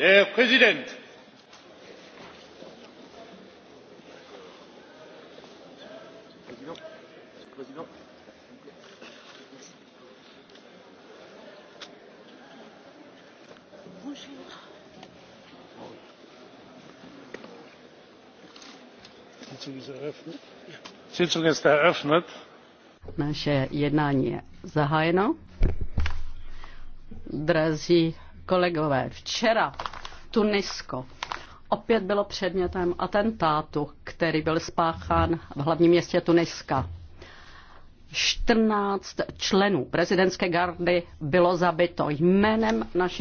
herr präsident! naše jednání je zahájeno. drazí kolegové včera Tunisko opět bylo předmětem atentátu, který byl spáchán v hlavním městě Tuniska. 14 členů prezidentské gardy bylo zabito jménem naší